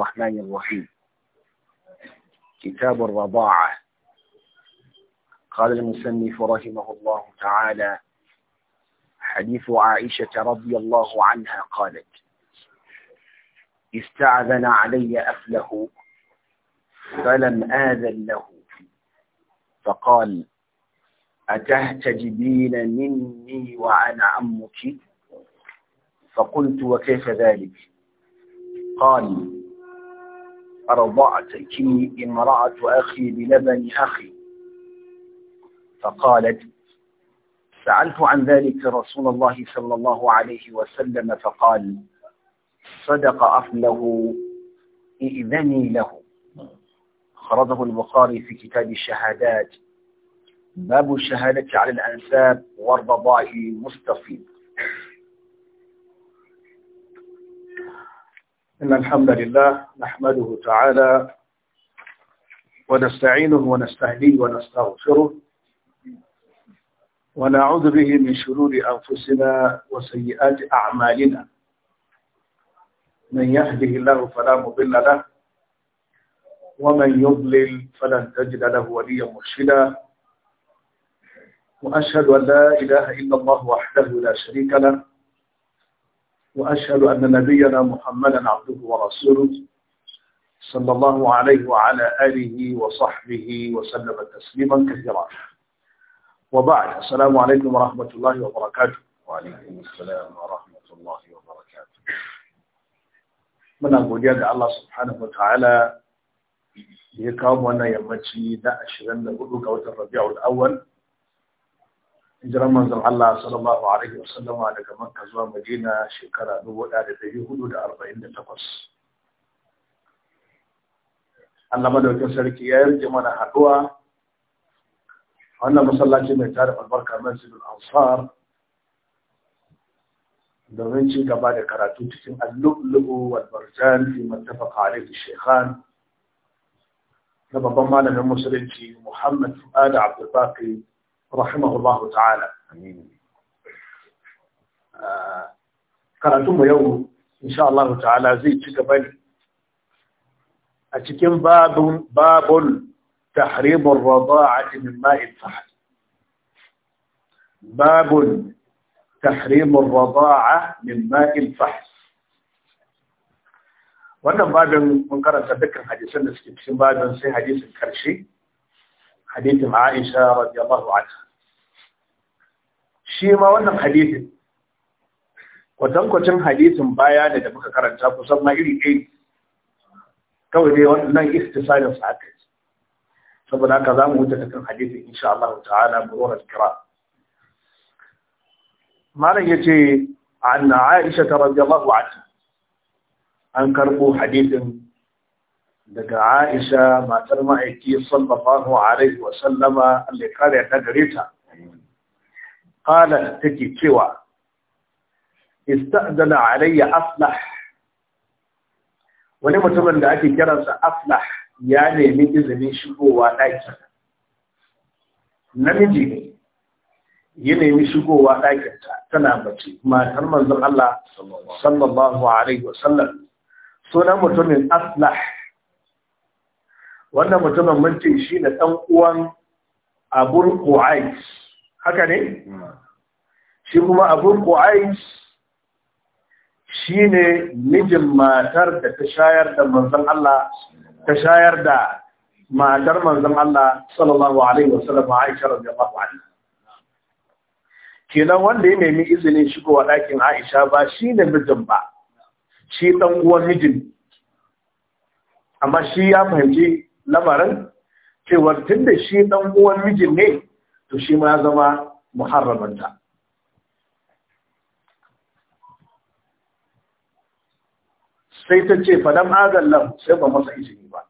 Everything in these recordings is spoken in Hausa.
الرحمن الرحيم كتاب الرضاعة قال المسنف رحمه الله تعالى حديث عائشة رضي الله عنها قالت استعذن علي أفله فلم آذن له فقال أتهتجبين مني وأنا عمك فقلت وكيف ذلك قال أرضعتك امرأة أخي بلبن أخي فقالت سألت عن ذلك رسول الله صلى الله عليه وسلم فقال صدق أفله إئذني له خرجه البخاري في كتاب الشهادات باب الشهادة على الأنساب والرضاء المستفيد إن الحمد لله نحمده تعالى ونستعينه ونستهديه ونستغفره ونعوذ به من شرور أنفسنا وسيئات أعمالنا من يهده الله فلا مضل له ومن يضلل فلن تجد له وليا مرشدا وأشهد أن لا إله إلا الله وحده لا شريك له وأشهد أن نبينا محمدا عبده ورسوله صلى الله عليه وعلى آله وصحبه وسلم تسليما كثيرا وبعد السلام عليكم ورحمة الله وبركاته وعليكم السلام ورحمة الله وبركاته من أقول الله سبحانه وتعالى da ya kawo wannan yammaci na 24 hijiran manzon Allah sallallahu alaihi sallama daga Makka zuwa Madina shekara 1448 Allah madaukakin sarki ya yarje mana haduwa wannan masallaci mai tare albarka masjidul ansar domin ci gaba da karatu cikin al-lu'lu'u wal marjan fi mattafaqa alaihi shaykhan da babban malamin musulunci Muhammad Fuad Abdul Baqi رحمه الله تعالى أمين آه، قرأتم يوم إن شاء الله تعالى زي تكبل أتكين باب باب تحريم الرضاعة من ماء الفحل باب تحريم الرضاعة من ماء الفحل وأنا بعد من قرأت ذكر حديثا نسكي بسم باب سي حديث الكرشي hadisin Aisha radiyallahu anha shi ma wannan hadisin kwatankwacin hadisin baya ne da muka karanta kusan ma iri ɗaya kawai dai wannan istisalin sa aka saboda haka za mu wuce ta kan hadisin insha Allah ta'ala bururar kira malam ya ce an Aisha radiyallahu anha an karbo hadisin daga Aisha matar ma'aiki sallallahu alaihi wa sallama Allah ya kare ta gare ta qala take cewa ista'dana alayya aflah wani mutumin da ake kiransa aflah ya nemi izinin shigowa ɗakin namiji ne ya nemi shigowa ɗakinta tana mace matar manzon Allah sallallahu alaihi wa sallam sunan mutumin aflah wannan mutumin mun shi da ɗan uwan abul qu'ais haka ne hmm. shi kuma abul shi shine mijin matar da ta shayar da manzon Allah ta shayar da matar manzon Allah sallallahu alaihi wasallam Aisha radiyallahu anha kenan wanda ya nemi izinin shigowa ɗakin Aisha ba shine mijin ba shi ɗan uwan mijin amma shi ya fahimci lamarin cewar tun da shi ɗan uwan mijin ne to shi ma ya zama muharramanta sai ta ce faɗan agallan sai ba masa izini ba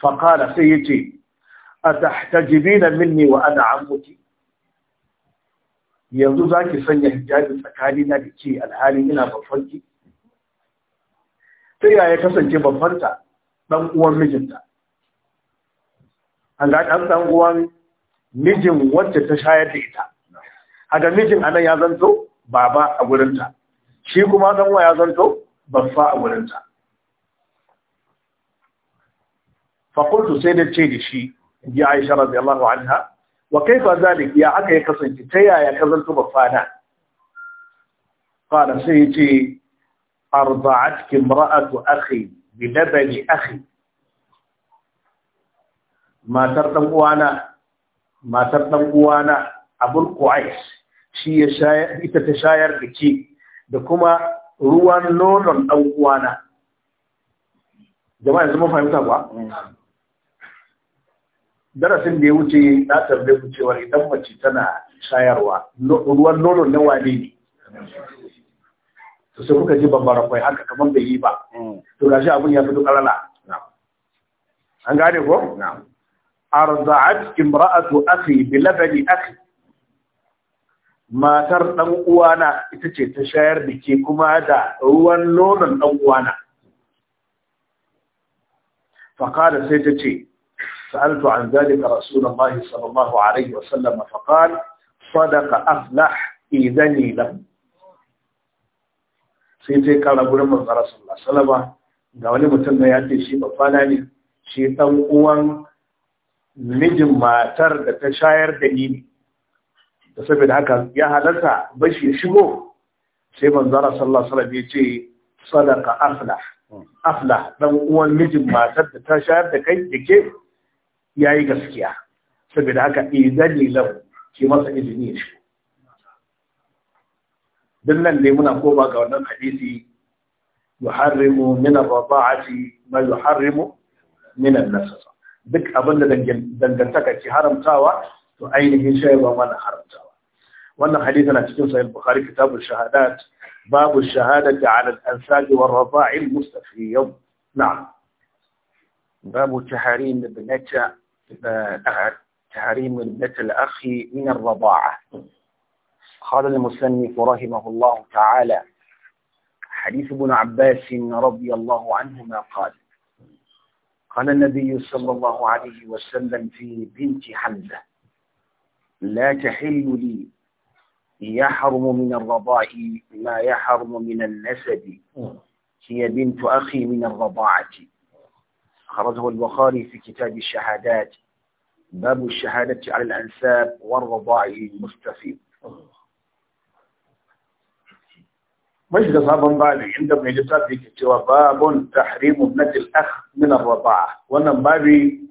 faƙala sai ya ce a tahtajibi na minni wa ana ammuki yanzu za ki sanya hijabi tsakani na da ke alhalin ina babbanki ta yaya kasance babbanta ɗan uwan mijinta an ga ɗan uwan mijin wacce ta shayar da ita haka mijin anan ya zanto baba a gurinta shi kuma ɗan uwa ya zanto baffa a gurinta fakultu sai da ce da shi ji aisha radiyallahu anha wa kaifa zalik ya aka ya kasance ta yaya ka zanto baffa na qala sai ce arda'atki imra'atu akhi bilabani akhi matar dan uwana matar dan uwana abul quais shi ya shayar ita ta shayar da ke da kuma ruwan nonon dan uwana jama'a yanzu fahimta ba darasin da ya wuce na tambaye ku cewa idan mace tana shayarwa ruwan nono na wane ne to sai kuka ji bambara kwai haka kamar bai yi ba mm. to gashi abin ya fito karala an gane ko arda'at imra'atu akhi bi labani akhi matar dan uwana ita ce ta shayar da ke kuma da ruwan nonon dan uwana فقال سيدتي سألت عن ذلك رسول الله صلى الله wa وسلم فقال صدق أفلح إذني له sai ta kara gurin manzara rasulullah salama. ga wani mutum da ya ce shi babana ne shi dan uwan mijin matar da ta shayar da ni da saboda haka ya halarta bashi shigo sai manzara rasulullah salama ya ce sadaka Afla. Afla dan uwan mijin matar da ta shayar da kai da ke ya yi gaskiya saboda haka idani lau ke masa izini shigo dinnan ne muna koma ga wannan hadisi yuharrimu min ar-rada'ati ma yuharrimu min an-nasab duk abin da dangantaka ci haramtawa to ainihin shi ba mana haramtawa wannan hadisi na cikin sahih bukhari kitabul shahadat babu shahadati ala al-ansab war-rada'i al-mustafiyyin na'am باب تحريم ابنة تحريم ابنة الأخ من الرضاعة قال المسنف رحمه الله تعالى حديث ابن عباس رضي الله عنهما قال قال النبي صلى الله عليه وسلم في بنت حمزة لا تحل لي يحرم من الرضاء ما يحرم من النسب هي بنت أخي من الرضاعة خرجه البخاري في كتاب الشهادات باب الشهادة على الأنساب والرضاع المستفيض mun shiga sabon babi inda mai littafi yake cewa babun tahrimu na tilak min arba'a wannan babi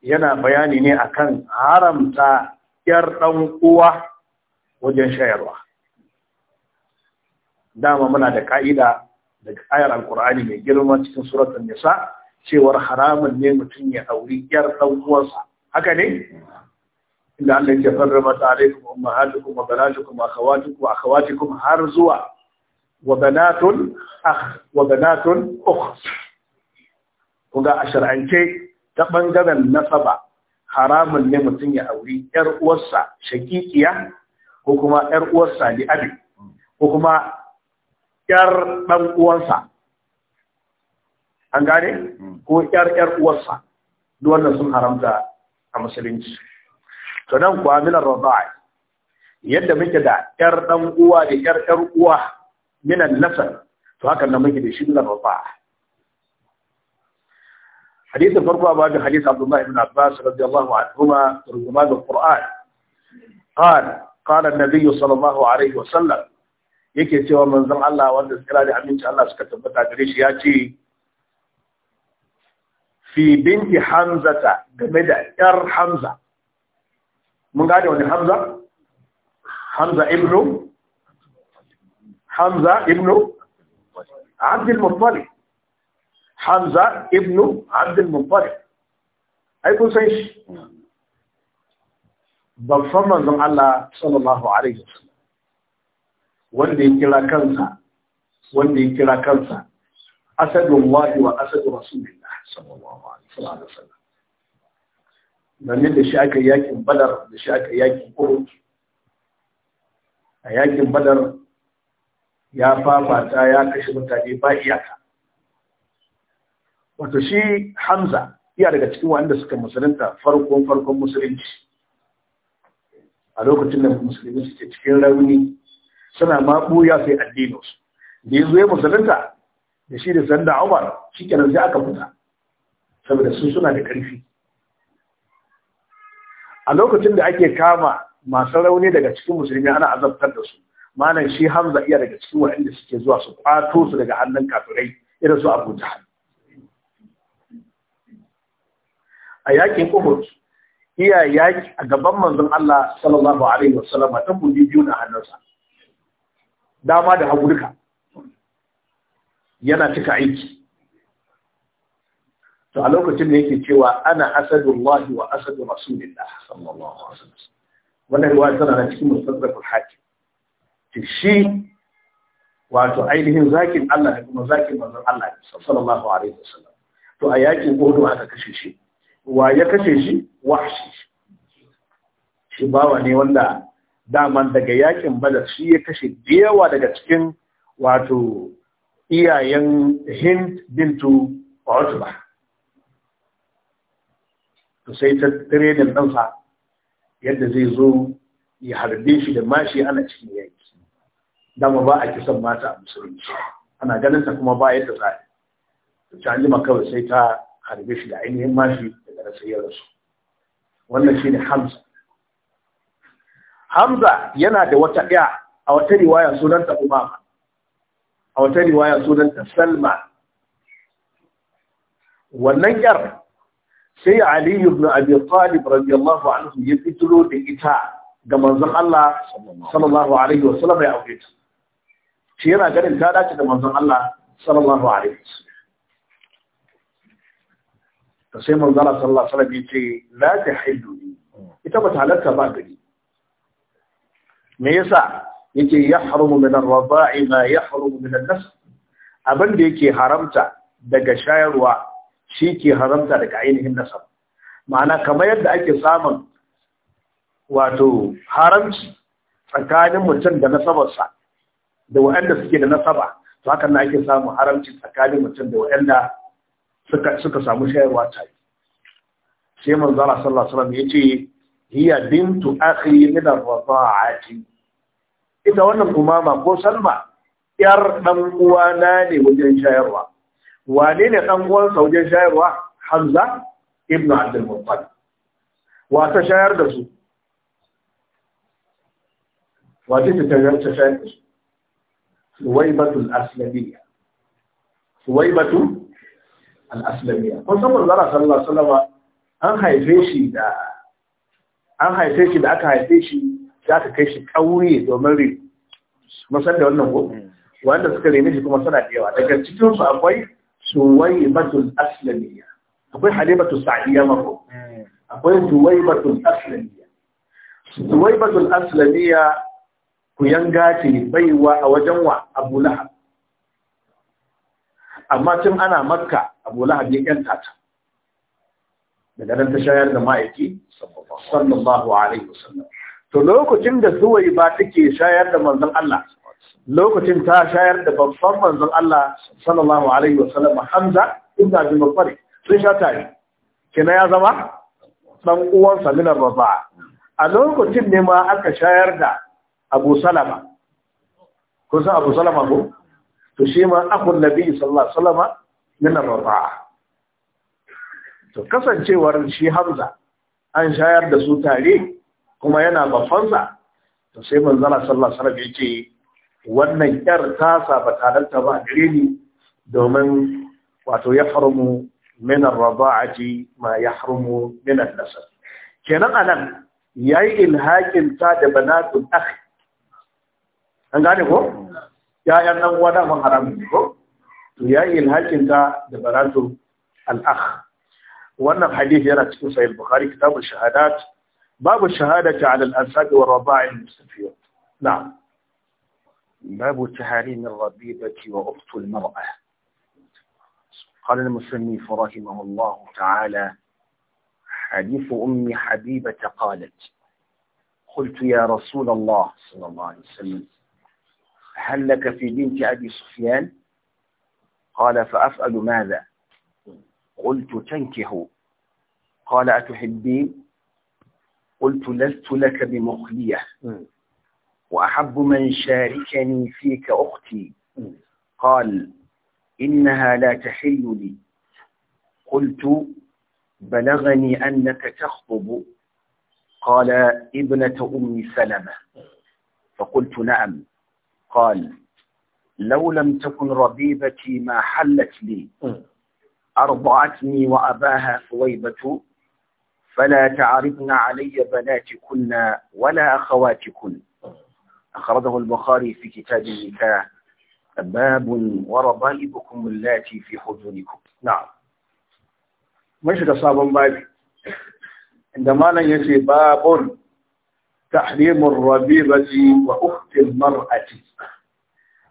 yana bayani ne akan haramta yar dan uwa wajen shayarwa dama muna da ka'ida daga ayar alkur'ani mai girma cikin suratun nisa cewar haramun ne mutum ya auri yar dan uwansa haka ne inda Allah ya farrama ta alaikum ummahatukum wa banatukum wa akhawatukum wa akhawatukum har zuwa wa banatun akh wa banatun a shar'ance ta ɓangaren nasaba haramun ne mutum ya auri yar uwarsa shakikiya ko kuma yar uwarsa li ko kuma yar dan uwansa an gane ko yar yar uwarsa duk sun haramta a musulunci to nan kuwa min ar yadda muke da yar ɗan uwa da yar yar uwa من al فهكذا to haka nan muke da shi min al-rafa farko ba da hadisi Abdullah ibn Abbas radiyallahu قال turjuman al-Qur'an qala qala yake cewa manzon Allah wanda suka da aminci Allah suka tabbata gare shi ya ce fi binti hamzata game da yar hamza mun gane wani hamza hamza ibnu Hamza ibn Abdul Muttalib Hamza ibn Abdul Muttalib ai kun san shi babban manzon Allah sallallahu alaihi wasallam wanda ya kira kansa wanda ya kira kansa asadullahi wa asadu rasulillah sallallahu alaihi wasallam nan da shi aka yakin badar da shi yakin a yakin badar ya fafata ya kashe mutane ba iyaka wato shi hamza iya daga cikin wanda suka musulunta farkon farkon musulunci a lokacin da musulmi suke cikin rauni suna ma ɓuya sai addinus. da ya zo musulunta da shi da sanda umar shi kenan sai aka fita saboda sun suna da ƙarfi a lokacin da ake kama masu rauni daga cikin musulmi ana azabtar da su malam shi hamza iya daga cikin waɗanda suke zuwa su kwato su daga hannun kafirai irin su abu a yakin uhud iya yaki a gaban manzon Allah sallallahu alaihi wasallam ta buji biyu na hannunsa dama da hagu yana cika aiki to a lokacin da yake cewa ana asadullahi wa asadu rasulillah sallallahu alaihi wasallam wannan ruwa tana cikin mustadrak al-hakim shi wato ainihin zakin Allah da kuma zakin manzon Allah sallallahu alaihi wasallam to a yakin godo aka kashe shi wa ya kashe shi wahshi shi bawa ne wanda daman daga yakin Badar shi ya kashe biyawa daga cikin wato iyayen Hind bintu Utba to sai ta tare da ɗansa yadda zai zo ya harbe shi da mashi ana cikin yaki dama ba a kisan mata a musulunci ana ganin ta kuma ba yadda za a ta an kawai sai ta harbe shi da ainihin mashi daga rasa ya rasu wannan shi ne hamza hamza yana da wata ɗaya a wata riwaya ta umama a wata riwaya ta salma wannan yar sai Ali ibn Abi Talib radiyallahu anhu ya fitilo da ita ga manzon Allah sallallahu alaihi wasallam ya aure ta shi yana ganin ta dace da manzon Allah sallallahu alaihi wasallam sai manzon Allah sallallahu alaihi wasallam ce la tahillu ita ba ta halatta ba gari me yasa yake yahrumu min ar-rada'i ma yahrumu min an nas? abin da yake haramta daga shayarwa shi ke haramta daga ainihin nasab ma'ana kamar yadda ake samun wato haramci tsakanin mutum da nasabarsa da waɗanda suke da nasaba to hakan na ake samun haramci tsakanin mutum da waɗanda suka suka samu shayarwa tare sai manzo Allah sallallahu alaihi wasallam yace hiya bintu akhi min ar-rada'ati ita wannan umama ko salma yar dan uwana ne wajen shayarwa wane ne dan uwansa wajen shayarwa hamza ibn abd al-muttalib ta shayar da su wata ta shayar da su suwaibatul aslamiya suwaibatu al-aslamiya kun san manzara sallallahu alaihi wasallam an haife shi da an haife shi da aka haife shi za ka kai shi ƙauye domin ri musan da wannan ko mm. wanda suka rene shi kuma suna da yawa daga cikin su akwai suwaibatul aslamiya akwai halibatu sa'diya mako mm. akwai suwaibatul aslamiya suwaibatul aslamiya ku yanga ce baiwa a wajen wa abu lahab amma tun ana makka abu lahab ya yanta ta daga nan ta shayar da ma'aiki sallallahu alaihi wasallam to lokacin da suwai ba take shayar da manzon Allah lokacin ta shayar da babban manzon Allah sallallahu alaihi wasallam Hamza ibn Abi Bakr sun sha tare kina ya zama dan uwan Samina Baba a lokacin ne ma aka shayar da abu salama kun san abu salama ko to shi ma akun nabi sallallahu alaihi wasallam min ar-rafa'a to kasancewar shi hamza an shayar da su tare kuma yana bafansa to sai manzala sallallahu alaihi wasallam yace wannan yar tasa ba taranta ba gare ni domin wato ya harmu min ar ma yahrumu min an-nasab kenan anan yayi ilhaqin ta da banatul akh an gane ko ya'yan nan uwa daman haramun ko to yayi ilhakin ta da baratu al-akh wannan hadisi yana cikin sahih bukhari kitabul shahadat babu shahadati ala al-ansab wa rabai' al-mustafiyat na'am باب تحريم الربيبة وأخت المرأة قال المصنف رحمه الله تعالى حديث أم حبيبة قالت قلت يا رسول الله صلى الله عليه وسلم هل لك في بنت أبي سفيان قال فأفعل ماذا قلت تنكه قال أتحبين قلت لست لك بمخلية وأحب من شاركني فيك أختي قال إنها لا تحل لي قلت بلغني أنك تخطب قال ابنة أم سلمة فقلت نعم قال لو لم تكن ربيبتي ما حلت لي أرضعتني وأباها ثويبة فلا تعرضن علي بناتكن ولا أخواتكن أخرجه البخاري في كتاب النكاح باب وربائبكم اللاتي في حجوركم نعم مش ده عندما لا يجي باب تحريم الربيبة وأخت المرأة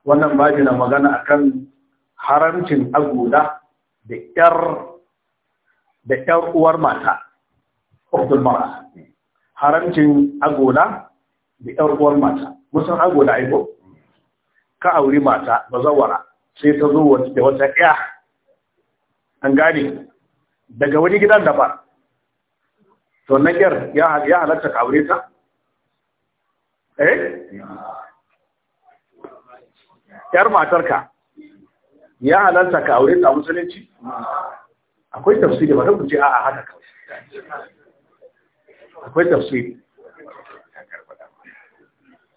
wannan ba na magana a kan haramcin agoda da ƴar uwar mata ukhdul mar'a haramcin agoda da ƴar uwar mata musan agoda ai ko ka auri mata bazawara sai ta zo da wata ƴa an gane daga wani gidan da ba to na ƴar ya halatta ka aure ta eh yar matarka ya halarta ka aure ta musulunci akwai tafsiri ba ku ce a'a haka ka akwai tafsiri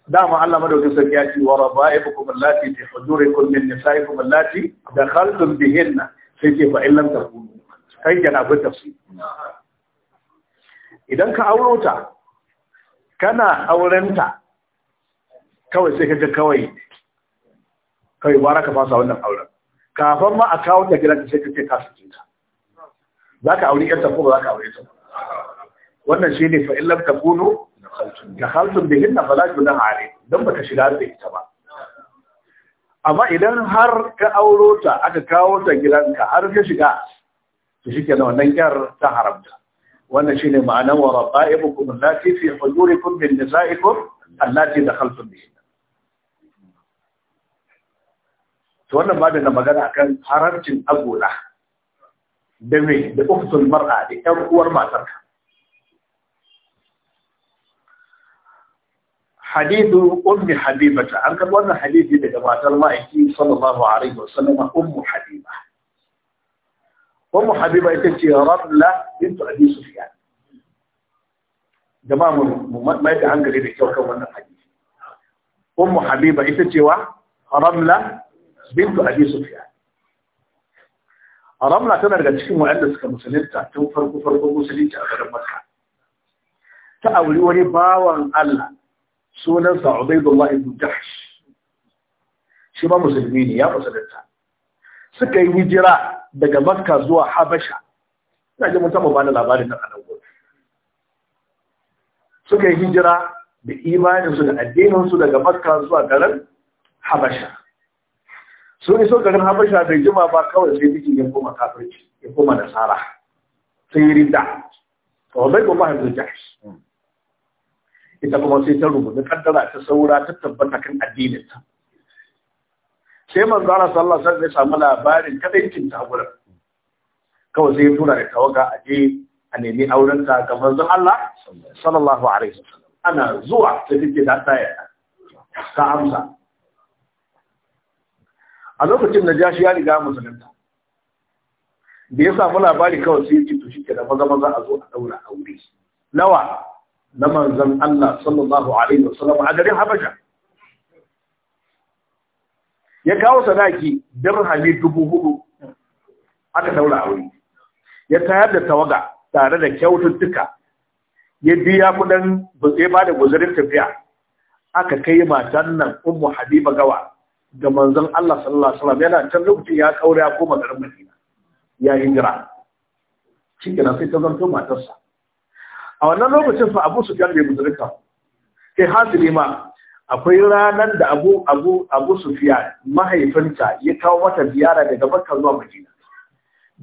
dama Allah madaukin sarki ya ce wa rabaibukum allati fi hudurikum min nisaikum allati dakhaltum bihinna sai ce fa illam takunu kai kana bin tafsiri idan ka auro ta kana aurenta kawai sai kaga kawai kawai wara ka fasa wannan auren kafin ma a kawo da gidan sai kake ke sake ta za ka auri yarta ko ba za ka auri ta wannan shi ne fa'in lam takunu da haltun da hinna fala junan hare don ba ta shiga da ita ba amma idan har ka auro ta aka kawo ta gidan ka har ka shiga to shi kenan wannan yar ta haramta wannan shi ne ma'anar wa rabba'ibukum allati fi hujurikum min nisa'ikum allati dakhaltum bihi to wannan ba da na magana akan haramcin agola da mai da uftul mar'a da ƴan uwar ka. hadithu ummi habibata an karɓi wannan hadithi daga matar ma'aiki sallallahu alaihi wasallama ummu habiba ummu habiba ita ce rabla bint abi sufyan jama'a mu mai da hankali da kyau kan wannan hadisi ummu habiba ita ce wa ramla bintu abi sufyan ramla tana daga cikin wayanda suka musulunta tun farko farko musulunci a garin makka ta auri wani bawan allah sunansa ubaidullah ibn jahsh shi ma musulmi ne ya musulunta suka yi hijira daga makka zuwa habasha ina ji mun taɓa bani labarin nan a nan suka yi hijira da imaninsu da addininsu daga makka zuwa garin habasha sun so garin habasha da jima ba kawai sai bikin ya koma kafirci ya koma da sara sai rinda to bai ko ba da jahsh ita kuma sai ta rubuta kaddara ta saura ta tabbata kan addinin ta sai manzo Allah sallallahu alaihi wasallam ya samu labarin kadaicin ta gura kawai sai ya tura da tawaga a je a nemi auren ta ga manzo Allah sallallahu alaihi wasallam ana zuwa ta dike da ta ta amsa a lokacin da jashi ya riga musulunta da ya samu labari kawai sai ya to shike da maza maza a zo a daura aure nawa na manzon Allah sallallahu alaihi wasallam a garin Habasha ya kawo sadaki dirhami dubu hudu aka daura aure ya tayar da tawaga tare da kyaututtuka ya biya kudin ba da guzurin tafiya aka kai matan nan ummu habiba gawa ga manzon Allah sallallahu alaihi wasallam yana can lokacin ya kaure ya koma garin Madina ya hijira shi kenan sai ta zanto matarsa a wannan lokacin fa Abu Sufyan bai budurka kai hasili ma akwai ranar da Abu Abu Abu Sufyan mahaifinta ya kawo mata ziyara daga Makka zuwa Madina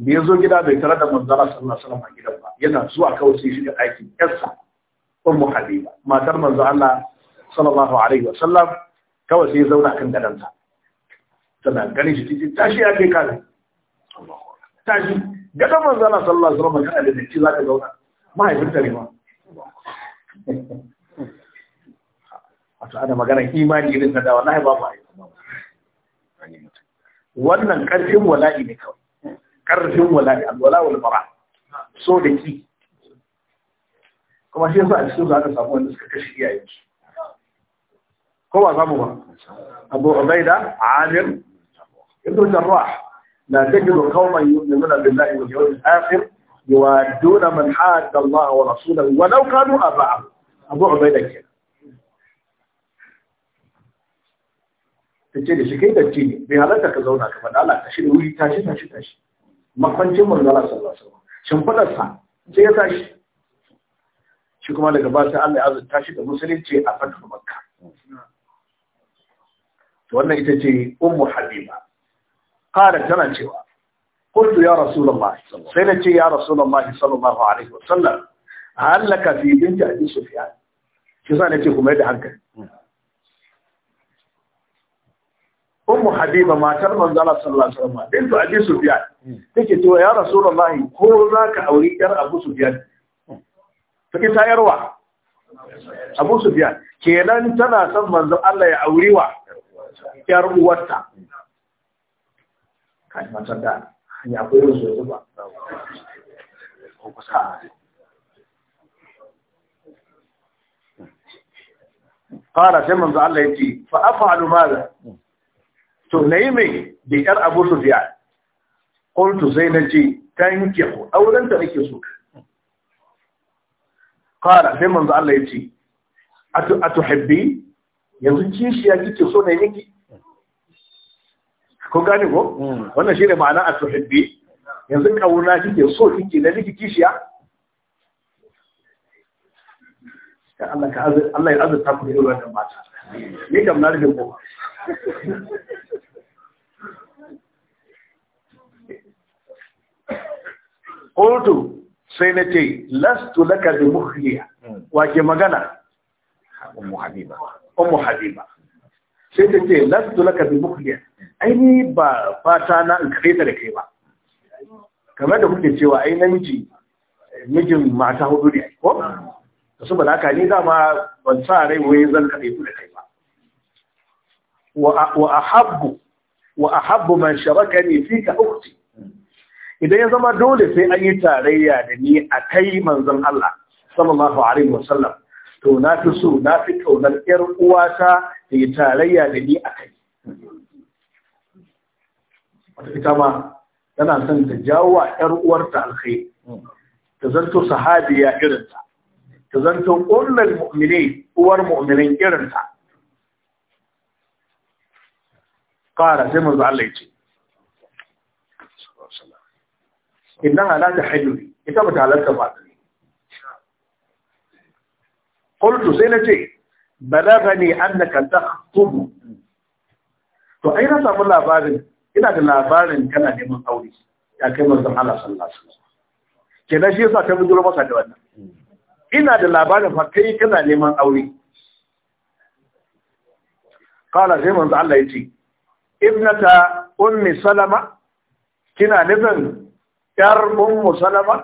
bai ya zo gida bai tare da manzon Allah sallallahu alaihi wasallam a gidan ba yana zuwa kawai sai shiga aiki yarsa Ummu Habiba matar manzon Allah sallallahu alaihi wasallam kawai sai ya zauna kan gadonsa tana ganin shi cikin tashi ya ke kare tashi daga manzana sallallahu alaihi wasallam kana da dace za ka zauna mahaifin ta ne ma wato ana maganar imani irin na da wallahi ba yi. wannan karfin wala'i ne kawai karfin wala'i alwala wal bara so da ki kuma shi yasa a cikin zaka samu wanda suka kashe iyayensu ko ba samu ba abu ubaida amir ابن جراح لا تجد قوما يؤمنون بالله واليوم الآخر يوادون من حاد الله ورسوله ولو كانوا أباهم أبو عبيدة كده tace da shi kai da ne bai halarta ka zauna ka faɗa Allah tashi da wuri tashi tashi tashi makwancin manzo Allah sallallahu alaihi wasallam shimfidar sa sai ya tashi shi kuma daga Allah ya azurta shi da musulunci a fatu makka to wannan ita ce ummu habiba قالت tana cewa قلت يا رسول الله sai na ce ya rasulullahi sallallahu alaihi wasallam halaka fi binti abi sufyan shi sa nace kuma da hankali ummu habiba matar manzo Allah sallallahu alaihi wasallam bintu abi sufyan take cewa ya rasulullahi ko zaka auri yar abu sufyan take sayarwa abu sufyan kenan tana son manzo Allah ya auri wa yar uwarta kai matar da hanya akwai yin su zuba ko kusa fara sai manzo Allah ya yake fa afalu madha to nayi mai da yar Abu Sufyan qultu sai nace tankihu auren ta nake so fara sai manzo Allah ya ce, atu atuhibbi yanzu kishi ya kike so ne yake kun gani ko hmm. wannan shi ne ma'ana a tuhibbi yanzu kauna kike so kike na kike kishiya ka Allah ka Allah ya azurta ku da wannan mata ni kam na rufe ko Kultu sai na ce, Lastu laka da muhliya, hmm. wake magana, Ummu Habiba, Ummu Habiba, sai ta ce lastu laka bi mukhliya ai ni ba fata na in kare ta da kai ba kamar da kuke cewa ai namiji mijin mata hudu ne ko da su balaka ni dama ban sa rai wai zan kare ku da kai ba wa ahabbu wa ahabbu man sharakani fika ukhti idan ya zama dole sai an yi tarayya da ni a kai manzon Allah sallallahu alaihi wasallam to na fi so na fi kaunar ‘yar uwata da yi tarayya da ni a kai. Wata ita ma tana son ta jawo wa ‘yar uwarta alkhairi, ta zanto sahabiya irinta, ta zanto ƙullar mu'mine uwar mu'minin irinta. Ƙara sai manzo Allah ya ce, Inna halatta hajjuri, ita ba ta halarta ba qultu sai nace balagani annaka takhtubu to ai na samu labarin ina da labarin kana neman aure ya kai manzon Allah sallallahu alaihi wasallam kenan shi yasa ka bujuro masa da wannan ina da labarin fa kai kana neman aure qala sai manzon Allah ya ce. ibnata ummi salama kina nufin yar ummu salama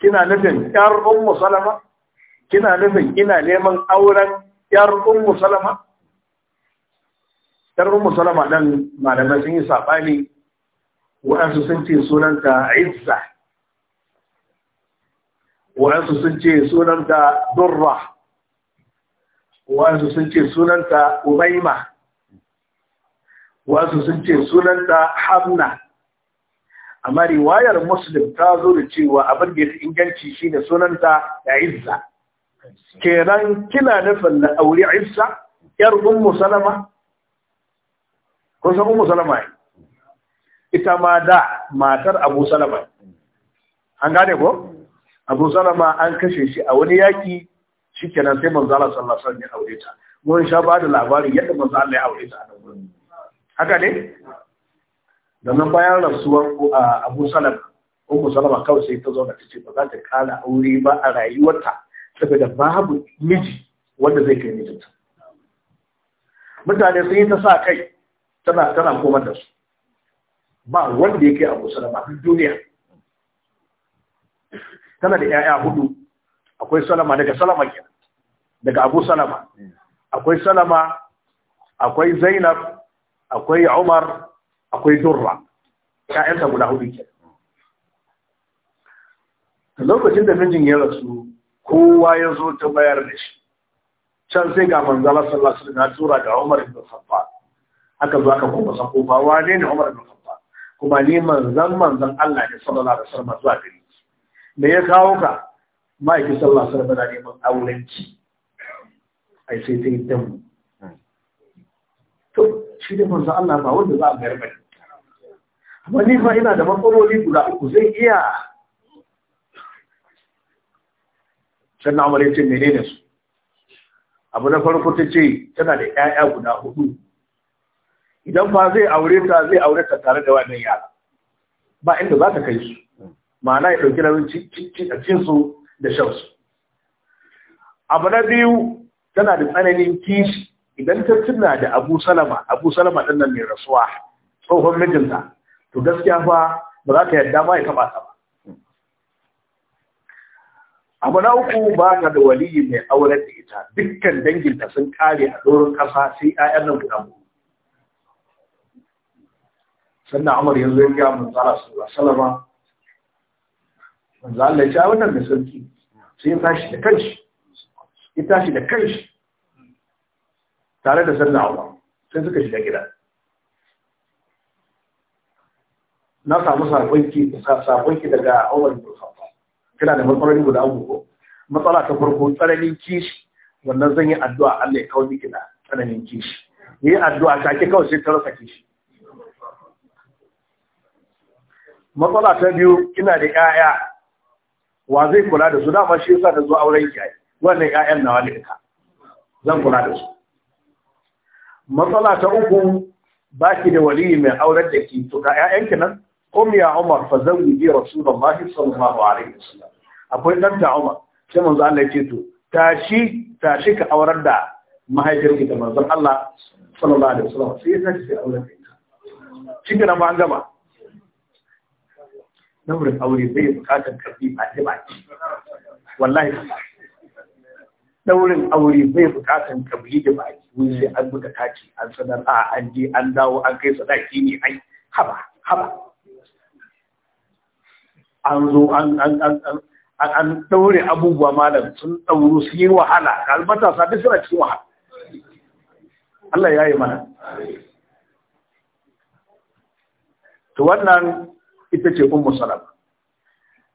kina nufin yar ummu salama kina nufin ina neman auren yar ummu salama yar ummu salama dan malamai sun yi sabani wa'ansu sun ce sunanta izza wa'ansu sun ce sunanta durra wa'ansu sun ce sunanta umaima wa'ansu sun ce sunanta hamna amma riwayar muslim ta zo da cewa abin da ya fi inganci shine sunanta da izza kenan kina nufin na auri Isa yar ummu Salama ko san ummu Salama ita ma da matar Abu Salama an gane ko Abu Salama an kashe shi a wani yaki shikenan sai manzo Allah sallallahu alaihi wasallam ya aure ta mun sha ba da labari yadda manzo Allah ya aure ta a gurin haka ne da nan bayan rasuwar Abu Salama ummu Salama kawai sai ta zo da tace ba za ta kala aure ba a rayuwarta saboda babu miji wanda zai kai mijinta mutane sun yi ta sa kai tana tana komar da su ba wanda yake a kusa da mafi duniya tana da 'ya'ya hudu akwai salama daga salama ke daga abu salama akwai salama akwai zainab akwai umar akwai durra 'ya'yanta guda hudu ke lokacin da mijin ya rasu kowa ya zo ta bayar da shi can sai ga manzala sallallahu alaihi wasallam tura ga Umar ibn Khattab aka zo aka kuma san ko ba wane ne Umar ibn Khattab kuma ni manzan manzan Allah ne sallallahu alaihi wasallam zuwa gari me ya kawo ka ma'aikin sallallahu alaihi wasallam neman aurenki ai sai ta yi damu to shi da manzan Allah ba wanda za a bayar bane amma ni fa ina da matsaloli guda uku zai iya Sannan na umar ya ne menene su abu na farko ta ce tana da 'ya'ya guda hudu idan fa zai aure ta zai aure ta tare da wannan yara ba inda za ta kai su ma'ana ya ɗauki nauyin cikin su da shansu abu na biyu tana da tsananin kishi idan ta tuna da abu salama abu salama ɗin nan mai rasuwa tsohon mijinta to gaskiya fa ba za ta yarda ma ya taɓa ta ba abu na uku ba ka da waliyi mai auren da ita dukkan danginta sun kare a doron ƙasa sai 'ya'yan nan guda mu. sannan amur yanzu ya gaya manzo Allah sallallahu alaihi wasallam manzo Allah ya ce da sarki sai ya tashi da kanshi ya tashi da kanshi tare da sannan umar sai suka shiga gida na samu sakonki daga Umar bin kana da matsaloli guda uku matsala ta farko tsananin kishi wannan zan yi addu'a Allah ya kawo miki da tsananin kishi yi addu'a ta ke kawai sai ta rasa kishi matsala ta biyu kina da ƴaƴa wa zai kula da su dama shi yasa ta zo auren ki ai wannan 'ya'yan nawa ne ka zan kula da su matsala ta uku baki da waliyi mai auren da ki to ka 'ya'yanki nan قم يا عمر فزوجي رسول الله صلى الله عليه وسلم akwai danta Umar sai manzo Allah ya ce to tashi tashi ka aurar da mahaifiyarki da manzon Allah sallallahu alaihi wasallam sai ya tashi sai aurar da ita shi kana ma an gama daurin aure bai bukatar karfi a tiba wallahi daurin aure bai bukatar kabli da baki wani sai an buga kaci, an sanar a an je an dawo an kai sadaki ne ai haba haba an zo an ɗaure abubuwa malam sun ɗauru su yi wahala albata sa duk suna cikin wahala Allah ya yi mana to wannan ita ce ummu salama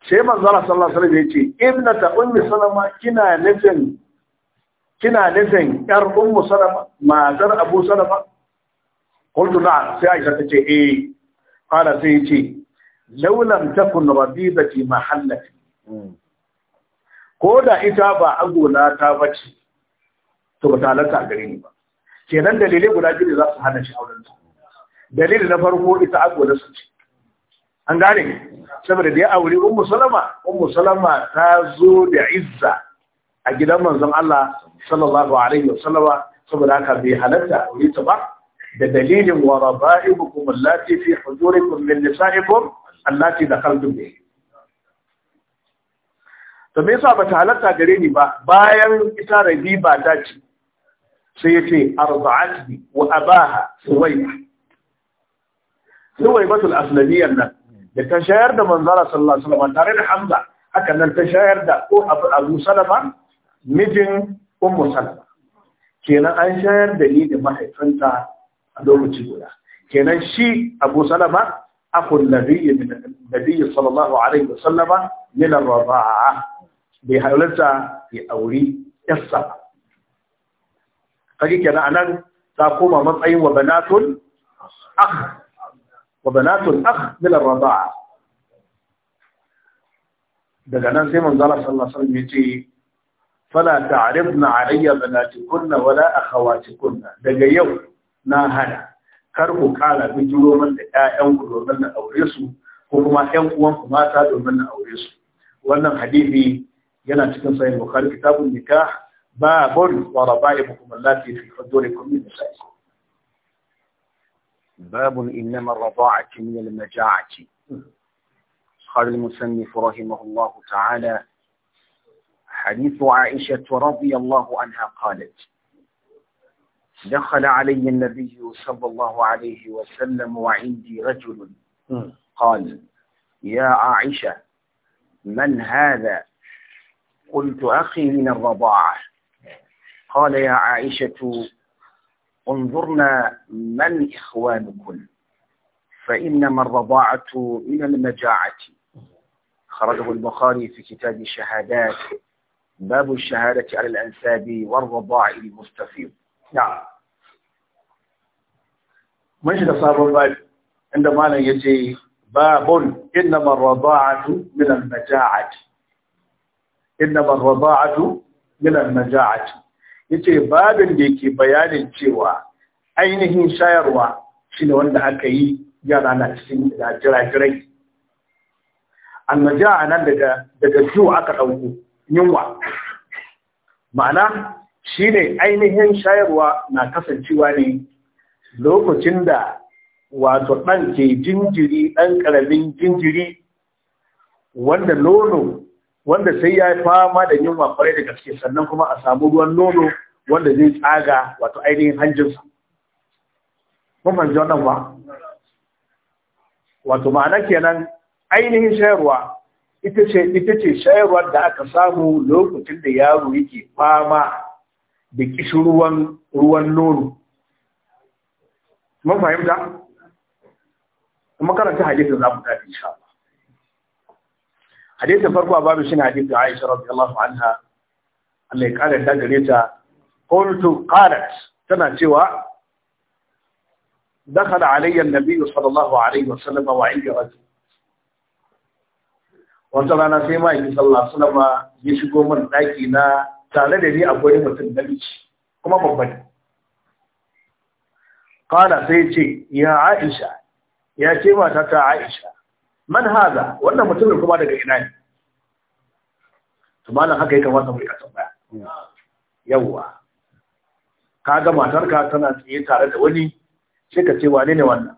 sai Allah sallallahu alaihi wasallam inna ibnata ummu salama kina nufin kina nufin yar ummu salama matar abu salama qultu na sai aisha ta ce eh qala sai ce laulam takun rabibati mahallati ko da ita ba agona ta bace to ba talanta a gare ni ba kenan dalilai guda biyu za su hana shi auren ta na farko ita agona ce an gane saboda da ya aure ummu salama ummu salama ta zo da izza a gidan manzon Allah sallallahu alaihi wasallama saboda haka bai halatta aure ta ba da dalilin wa raba'ibukum allati fi hujurikum min nisa'ikum da dakhaltum da to me yasa bata halatta gare ni ba bayan ita rabiba ta ce sai yace arba'atni wa abaha suwayba suwaybatul aslamiyyah nan da ta shayar da manzara sallallahu alaihi wasallam tare da hamza haka nan ta shayar da ko abu salama mijin ummu salama kenan an shayar da ni da mahaifinta a lokaci guda kenan shi abu salama اخو النبي من النبي صلى الله عليه وسلم من الرضاعة بهولتا في أولي يصف قلت كنا أنا تقوم مطعي وبنات أخ وبنات أخ من الرضاعة دقنا زي من صلى الله عليه وسلم يتي فلا تعرضن علي بناتكن ولا أخواتكن دقا يوم ناهنا kar ku kara bijiro man da ƴaƴan ku domin na aure su ko kuma ƴan uwan ku mata domin na aure su wannan hadisi yana cikin sahih bukhari kitabun nikah babun wa raba'ibukum allati fi hudurikum min nisa'ikum باب إنما الرضاعة من المجاعة قال المصنف رحمه الله تعالى حديث عائشة رضي الله عنها قالت دخل علي النبي صلى الله عليه وسلم وعندي رجل قال يا عائشة من هذا قلت أخي من الرضاعة قال يا عائشة انظرنا من إخوانكم فإنما الرضاعة من المجاعة خرجه البخاري في كتاب الشهادات باب الشهادة على الأنساب والرضاع المستفيض نعم mun shiga sabon babi inda malam ya ce babun innamar rada'atu min al-naja'ati innamar rada'atu min al-naja'ati yace babin da yake bayanin cewa ainihin shayarwa shine wanda aka yi yara na cikin jirajirai a nan daga daga aka dauko yunwa ma'ana shine ainihin shayarwa na kasancewa ne lokacin da wato ɗan ke jinjiri ɗan ƙaramin jinjiri wanda nono wanda sai ya fama da yunwa kwarai da gaske sannan kuma a samu ruwan nono wanda zai tsaga wato ainihin hanjinsa. Kuma ji wannan ba? Wato ma'ana kenan ainihin shayarwa ita ce ita ce shayarwa da aka samu lokacin da yaro yake fama da kishin ruwan nono mun fahimta kuma karanta hadisin za mu tafi insha Allah hadisin farko babu shi ne hadisin Aisha radiyallahu anha Allah ya kare ta gare ta qultu qalat tana cewa an-nabiy sallallahu alayhi wa sallam wa inda رجل wata rana sai ma'aiki sallallahu alaihi wasallam ya shigo mun daki na tare da ni akwai mutum namiji kuma babban Kala sai ce ya aisha ya ce mata ta aisha man haza wannan mutumin kuma daga ina ne to malam haka yake masa mai tambaya yawwa kaga matarka tana tsaye tare da wani sai ka ce wane ne wannan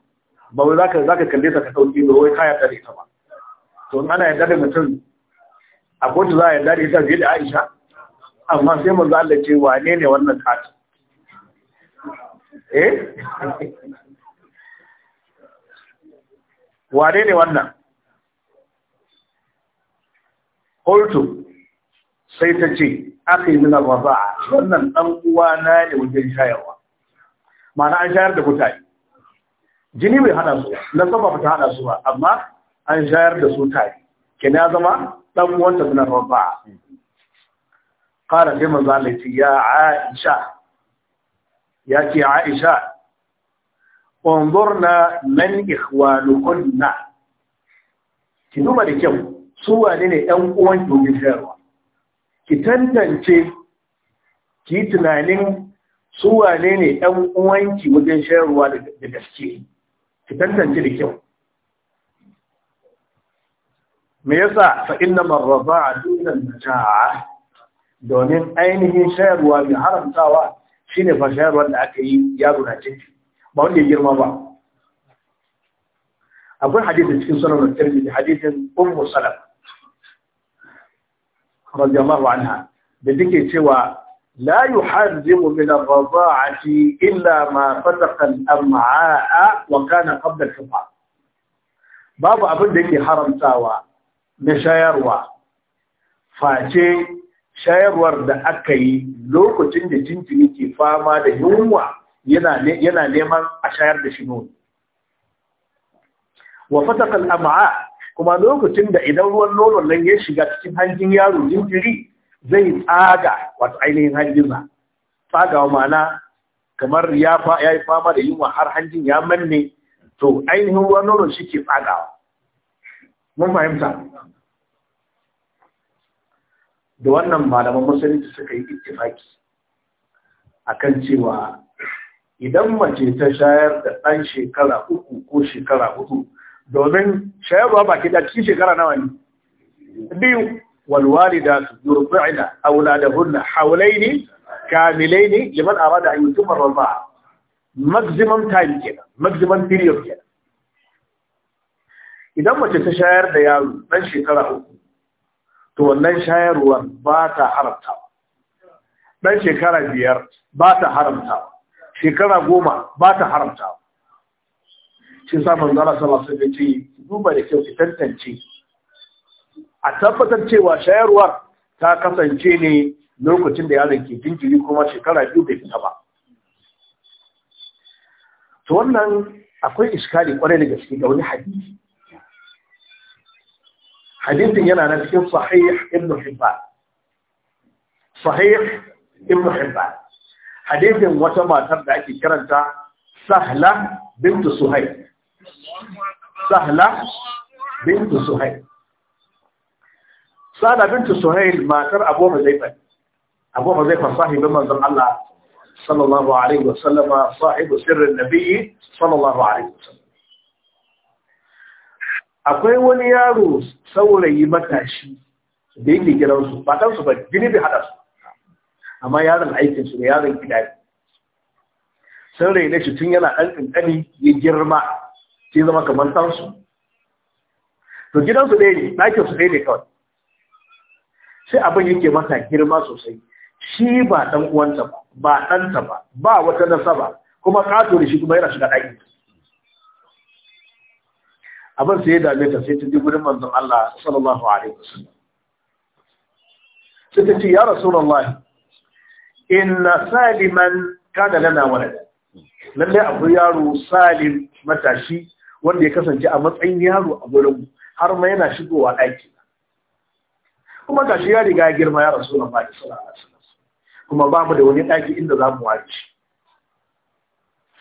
ba wai zaka zaka kalle ta ka dauki ba wai kaya tare ta ba to ana yadda da mutum a kotu za a yi da ita fiye da Aisha amma sai manzo Allah ce wane ne wannan kati eh wane ne wannan kultu sai ta ce aka yi min ba a wannan ɗan uwa na ne wajen shayarwa ma'ana an shayar da mutane jini bai hana su na saba ba ta hada su ba amma an shayar da su tare kina zama ɗan uwanta suna ba a ƙara sai manzo ya Aisha ياتي عائشه انظرنا من اخوانكن كنوما لكم سوى لنا ان قوان جميل كتنتن كي كيتنانين سوى لنا ان قوان جميل شروع لكسكي كتنتن كي لكم ميسا فإنما الرضاع دون المجاعة دون أين هي شروع بحرم shine fashayarwar da aka yi yaro na ciki ba wanda ya girma ba akwai hadisin cikin sunan tirmidhi hadisin ummu salama radiyallahu anha da take cewa لا يحرم من illa إلا ما فتق الأمعاء وكان قبل الحفاظ babu abin da yake haramtawa na shayarwa face shayarwar da aka yi lokacin da jinjiri ke fama da yunwa yana neman a shayar da shi nono wa fatakal am'a kuma lokacin da idan ruwan nono nan ya shiga cikin hanjin yaro jinjiri zai tsaga wato ainihin hanjinsa tsagawa ma'ana kamar ya yi fama da yunwa har hanjin ya manne to ainihin ruwan nono shi ke tsagawa mun fahimta da wannan malaman musulunci suka yi ittifaki akan cewa idan mace ta shayar da ɗan shekara uku ko shekara hudu domin shayarwa ba ke da cikin shekara nawa ne biyu walwalida su yurbi'na auladahunna hawlaini kamilaini liman arada an yutimma rabaa maximum time kenan maximum period kenan idan mace ta shayar da yaro ɗan shekara uku to wannan shayarwar ba ta haramtawa ɗan shekara biyar ba ta haramtawa shekara goma ba ta haramtawa shi sa zara sallallahu alaihi ce duba da kyau ki tantance a tabbatar cewa shayarwar ta kasance ne lokacin da yaron ke jinjiri kuma shekara biyu bai fita ba to wannan akwai iskali kwarai da gaske ga wani hadisi حديث ينا نسكن صحيح ابن حبان صحيح ابن حبان حديث وتما تبدا اكي كرنتا سهلة بنت سهيل سهلة بنت سهيل سهلة بنت سهيل ما كان ابو حذيفة ابو حذيفة صاحب منظر الله صلى الله عليه وسلم صاحب سر النبي صلى الله عليه وسلم akwai wani yaro saurayi matashi da yake gidansu ba ɗansu ba gini bai haɗa su amma yaron aikin su da yaron gida ne saurayi na shi tun yana ɗan ƙanƙani ya girma sai zama kamar ɗansu to gidansu ɗaya ne ɗakin su ɗaya ne kawai sai abin yake mata girma sosai shi ba ɗan uwanta ba ba ɗanta ba ba wata nasaba kuma ƙato da shi kuma yana shiga ɗaki abin sai ya dame ta sai ta je gurin manzon Allah sallallahu alaihi wasallam sai ta ce ya rasulullahi inna saliman kana lana wala lalle abu yaro salim matashi wanda ya kasance a matsayin yaro a gurin har ma yana shigowa ɗaki kuma shi ya riga ya girma ya rasulullahi sallallahu alaihi wasallam kuma ba mu da wani ɗaki inda za mu wace shi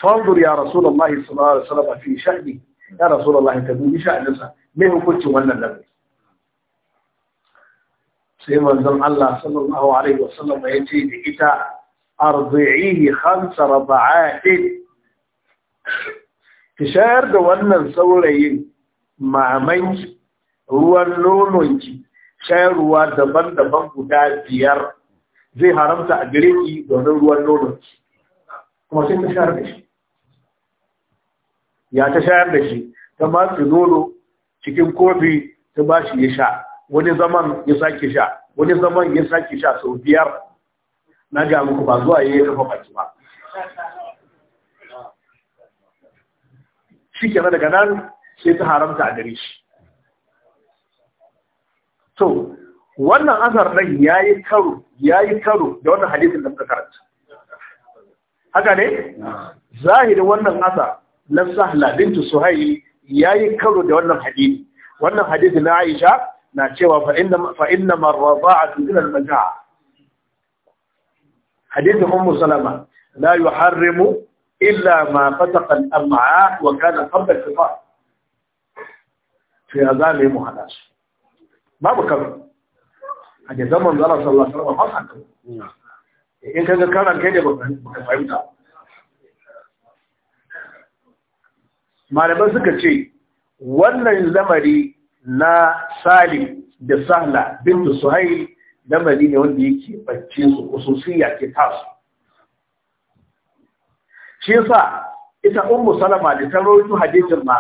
fanzur ya rasulullahi sallallahu alaihi wasallam fi sha'ni ya rasulullahi ka dubi sha'aninsa mai hukuncin wannan lamari sai manzon Allah sallallahu alaihi wasallam ya ce da ita arzi'ihi khams raba'atin ki shayar da wannan saurayin mamanki ruwan nononki shayarwa daban-daban guda biyar zai haramta a gare ki domin ruwan nononki kuma sai ta shayar da shi ya ta shayar da shi ta su nono cikin kofi ta ba shi ya sha wani zaman ya sake sha wani zaman ya sake sha sau biyar na ga muku ba zuwa ya yi kafa baki ba shi kenan daga nan sai ta haramta a gare shi to wannan azar nan ya yi karo ya yi karo da wannan hadisin da muka karanta haka ne zahirin wannan azar na sahla bintu suhail yayi karo da wannan hadisi wannan hadisi na Aisha na cewa fa inna fa inna marrada'atu min al-majaa hadisi ummu salama la yuharrimu illa ma fataqa al-am'a wa kana qabla al-fitr to ya zame mu hada su babu karo hadisan manzo Allah sallallahu alaihi wasallam har haka hmm. in kaga karan kai da baka fahimta malaman suka ce wannan lamari na salim da sahla bin suhai lamari ne wanda yake bacci su kususiya ke tasu shi sa, ita ummu salama da ta rawaito hadisin ma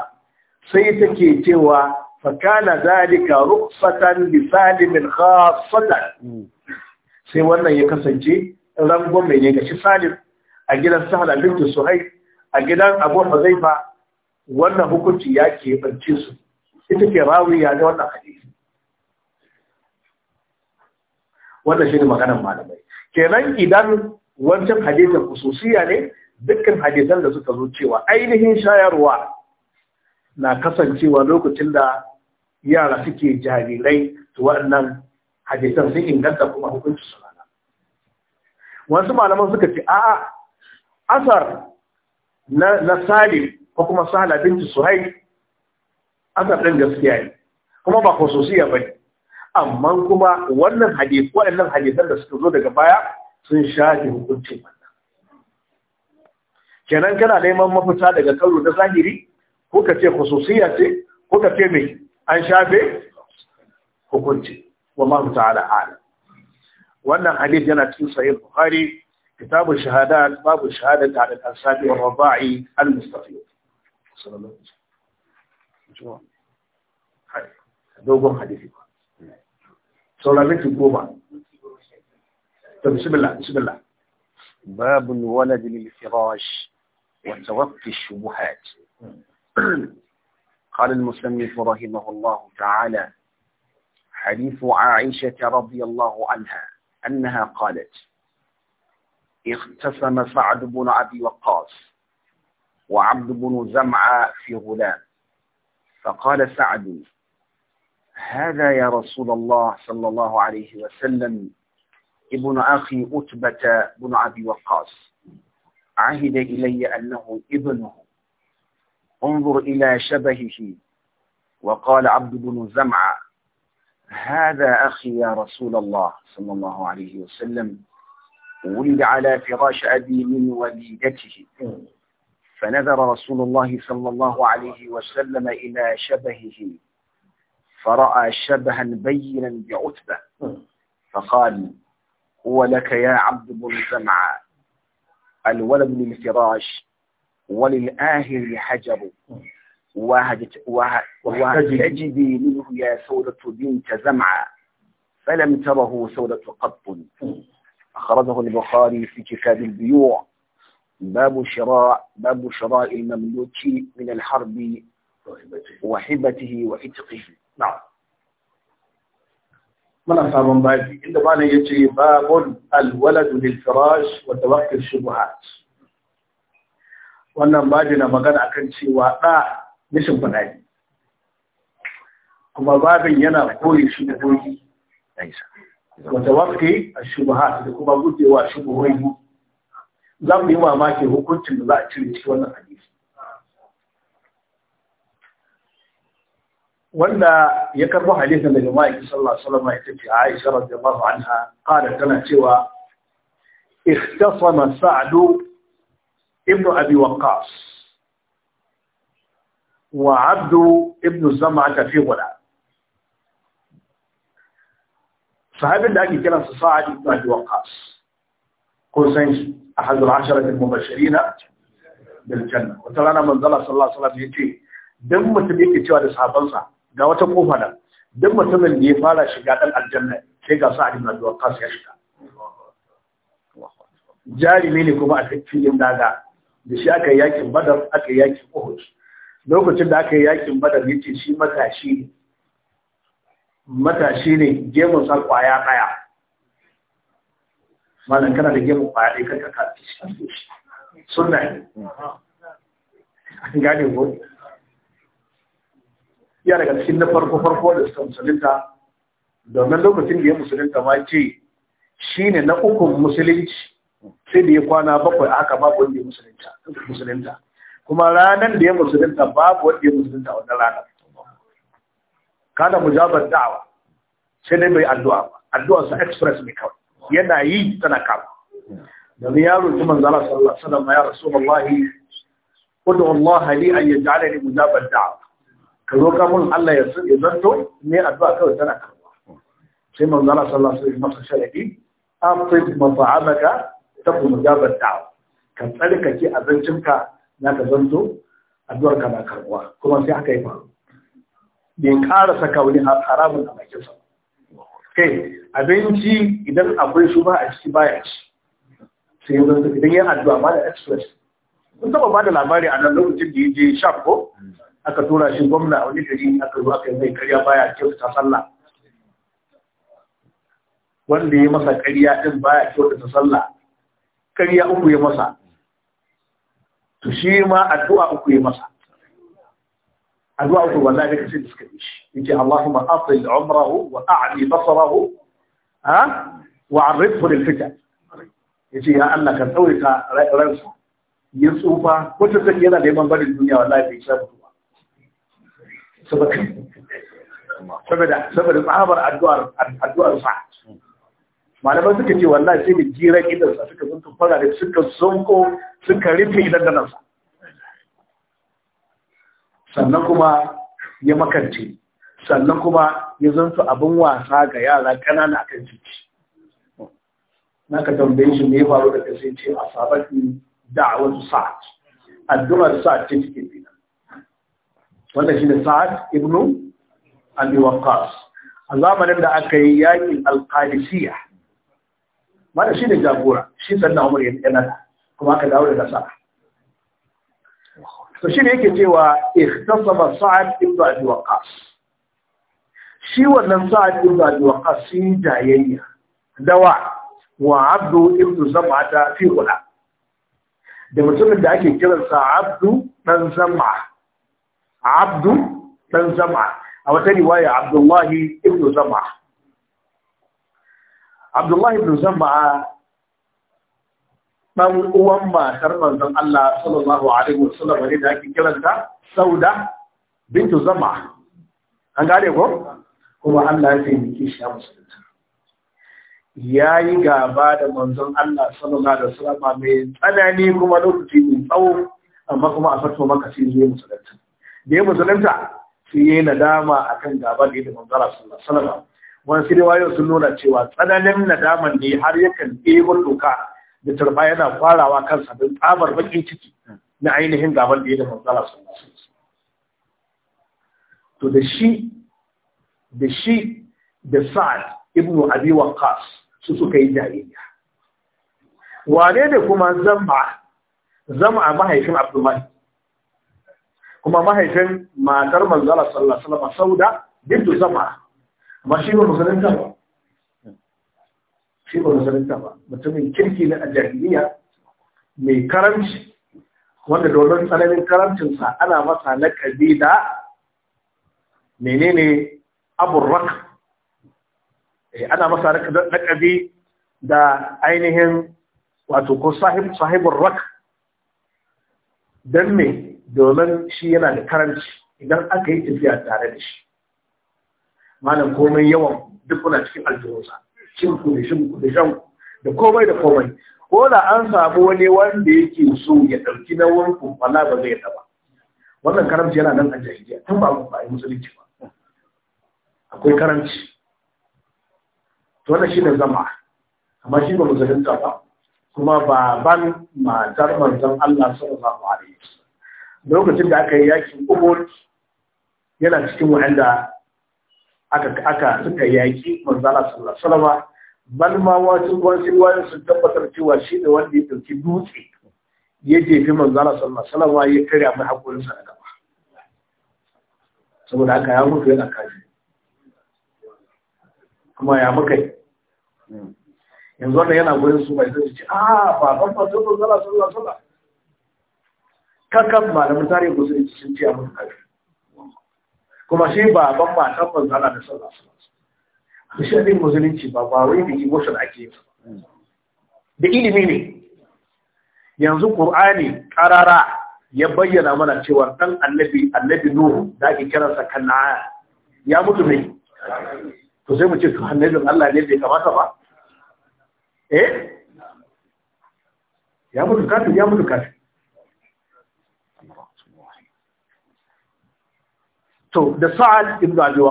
sai ke cewa fakana zalika ruqsatan bi salimin khassatan sai wannan ya kasance rangon mai ne ga shi salim a gidan sahla bin suhai a gidan abu huzaifa wannan hukunci ya ke su ita ke ya ne wannan hadisi wannan shi ne maganar malamai kenan idan wancan hadisin kususiya ne dukkan hadisan da suka zo cewa ainihin shayarwa na kasancewa lokacin da yara suke jarirai to waɗannan hadisan sun inganta kuma hukunci su rana wasu malaman suka ce a'a asar na salim ko kuma sahla binti suhai asar ɗin gaskiya ne kuma ba khususiyya ba ne amma kuma wannan hadith wannan hadisan da suka zo daga baya sun shafe hukuncin wannan kenan kana neman mafita daga karo na zahiri ko ka ce khususiyya ce ko ka ce mai an shafe hukunci wa ma ta'ala ala wannan hadisi yana cikin sahih bukhari kitabu shahadat babu shahadat ala al sabi wa rabai al-mustafid باب الولد للفراش وتوقي الشبهات قال المسلم رحمه الله تعالى حديث عائشة رضي الله عنها أنها قالت اختصم سعد بن أبي وقاص وعبد بن زمعة في غلام فقال سعد هذا يا رسول الله صلى الله عليه وسلم ابن أخي أتبة بن أبي وقاص عهد إلي أنه ابنه انظر إلى شبهه وقال عبد بن زمعة هذا أخي يا رسول الله صلى الله عليه وسلم ولد على فراش أبي من وليدته فنذر رسول الله صلى الله عليه وسلم إلى شبهه فرأى شبها بينا بعتبة فقال هو لك يا عبد بن سمعة الولد للفراش وللآهر حجر تجدي منه يا سودة بنت زمعة فلم تره سودة قط أخرجه البخاري في كتاب البيوع باب شراء باب شراء المملوك من الحرب وحبته وعتقه نعم من أصحاب بعد إذا بان يجي باب الولد للفراش وتوقف الشبهات وأنا ما جينا ما كان أكن شيء وأنا مش بناي كما باب ينا كوي شنو كوي وتوقف الشبهات كما بودي وشبهه za mu yi mamaki hukuncin da za a cire cikin wannan hadisi wanda ya karbo hadisin daga ma'aiki sallallahu alaihi wasallam ita ce Aisha radiyallahu anha kada tana cewa ikhtasama Sa'du ibn Abi Waqqas wa Abdu ibn Zam'a fi ghula sahabin da ake kiransa Sa'd ibn Abi Waqqas ko san shi أحد العشرة المبشرين بالجنة وتلانا من ذلك صلى الله عليه وسلم يتي دم متبيك تيوى لصحابنسا ga wata kofa da duk mutumin da ya fara shiga dan aljanna sai ga sa'ad ibn abi ya shiga jarimi ne kuma a cikin daga da shi aka yakin badar aka yakin uhud lokacin da aka yakin badar yace shi matashi ne gemun sa kwaya daya malam kana da gemu ba dai kanka ka ci shi sunna an gane ko ya daga cikin na farko farko da suka musulunta domin lokacin da ya musulunta ma ce shi ne na ukun musulunci sai da ya kwana bakwai aka babu wanda ya musulunta kuma ranar da ya musulunta babu wanda ya musulunta a wannan ranar kada mujabar da'awa sai dai bai addu'a ba addu'arsa express ne kawai yana yi tana kama Dami ya ji manzo Allah sallallahu alaihi wasallam ya rasulullahi Kudu Allah li an yaj'alani mujabad da'a ka ka mun Allah ya zanto ne addu'a kawai tana kama sai manzo Allah sallallahu alaihi wasallam masa sharadi afid ta tabu mujabad da'a ka tsarkake abincinka na ka zanto addu'ar ka na karbuwa kuma sai aka yi faru bai ƙara saka wani haramun a bakinsa ba kai abinci idan akwai su ba a ciki baya ci sai yanzu idan ya addu'a ba da express kun taba ba da labari a nan lokacin da ya je shaf ko aka tura shi gwamna a wani gari aka zo aka yi mai karya baya kyautata sallah wanda ya masa karya din baya kyautata sallah karya uku ya masa to shi ma addu'a uku ya masa الوعد هو لا يكسب سكريش انت اللهم اطل عمره وأعلي بصره ها وعرضه للفتن يجي يا الله كان تويك رأس يسوفا وتسك ينا ديمان بني الدنيا والله في إشابة الله سبك سبدا سبدا معابر أدوار أدوار صح ما لما تكتي والله سيمي جيرك إذا سكت أنتم فقط سكت سمكو سكت ريبي إذا دنا صح sannan kuma ya makance sannan kuma ya zanto abin wasa ga yara ƙanana akan titi na ka tambaye shi ne faru da kasai ce a sabaki da'awar sa'ad addu'ar sa'ad ce take fina wanda shi da sa'ad ibnu abi waqqas a zamanin da aka yi yakin alqadisiyya mana shi ne jagora shi sannan umar yana yana kuma aka dawo da Sa'a. to shi ne yake cewa ikhtasaba sa'ad ibn abi waqas shi wannan sa'ad ibn abi waqas shi jayayya dawa wa abdu ibn zam'ata fi qula da mutumin da ake kiransa abdu dan zam'a abdu dan zam'a a wata riwaya abdullahi ibn zam'a abdullahi ibn zam'a dan uwan matar manzon Allah sallallahu alaihi wasallam ne da ake kiranta Sauda bintu Zama an gane ko kuma Allah ya taimake shi a musulunta ya yi gaba da manzon Allah sallallahu alaihi wasallam mai tsanani kuma lokaci ne tsawo amma kuma a fato maka sai zai musulunta da ya musulunta sai yayi nadama akan gaba da manzon Allah sallallahu alaihi wasallam wani sai sun nuna cewa tsananin nadaman ne har yakan ɗebo doka da turba yana kwarawa kansa don tsabar bakin ciki na ainihin gaban da ya da manzala sun to da shi da shi da sa'ad ibnu abi waqas su suka yi jayayya wane da kuma zama zama mahaifin abdullahi kuma mahaifin matar manzala sallallahu alaihi wasallam sauda bintu zama amma shi ba shi ba musulunta ba mutumin kirki na ajahiliya mai karamci wanda domin tsananin karamcinsa ana masa lakabi da menene aburrak eh, ana masa na lakabi da ainihin wato ko sahibin rak don me domin shi yana da karanci idan aka yi tafiya tare da shi malam komai yawan duk kuna cikin aljihunsa cin da shin da da komai da komai ko da an samu wani wanda yake so ya ɗauki wurin fala ba zai taɓa. wannan karamci yana nan a jahiliya tun ba ba a musulunci ba akwai karamci to wannan shine zama amma shi ba musulunta ba kuma baban matar manzon Allah sallallahu alaihi wasallam lokacin da aka yi yakin Uhud yana cikin wanda aka aka suka yaki manzala sallallahu alaihi wasallam bal ma wasu wasu sun tabbatar cewa shi ne wanda ya dauki dutse ya jefi manzala sallallahu alaihi wasallam ya karya mai haƙurinsa sa gaba saboda haka ya mutu yana kaji kuma ya muka yanzu wannan yana gurin su mai zai ce a ah, ba ban ba manzala sallallahu alaihi wasallam kakan malamin tarihi musulunci sun ce a mutu kaji kuma shi ban ba tabbas ana da sallallahu alaihi wasallam shi ne musulunci ba ba wai da emotion ake yi da ilimi ne yanzu qur'ani qarara ya bayyana mana cewa dan annabi annabi nuhu da ake kiransa kanaa ya mutu ne to sai mu ce to annabin Allah ne bai kamata ba eh ya mutu kafin ya mutu kafin to da sa'ad ibn abi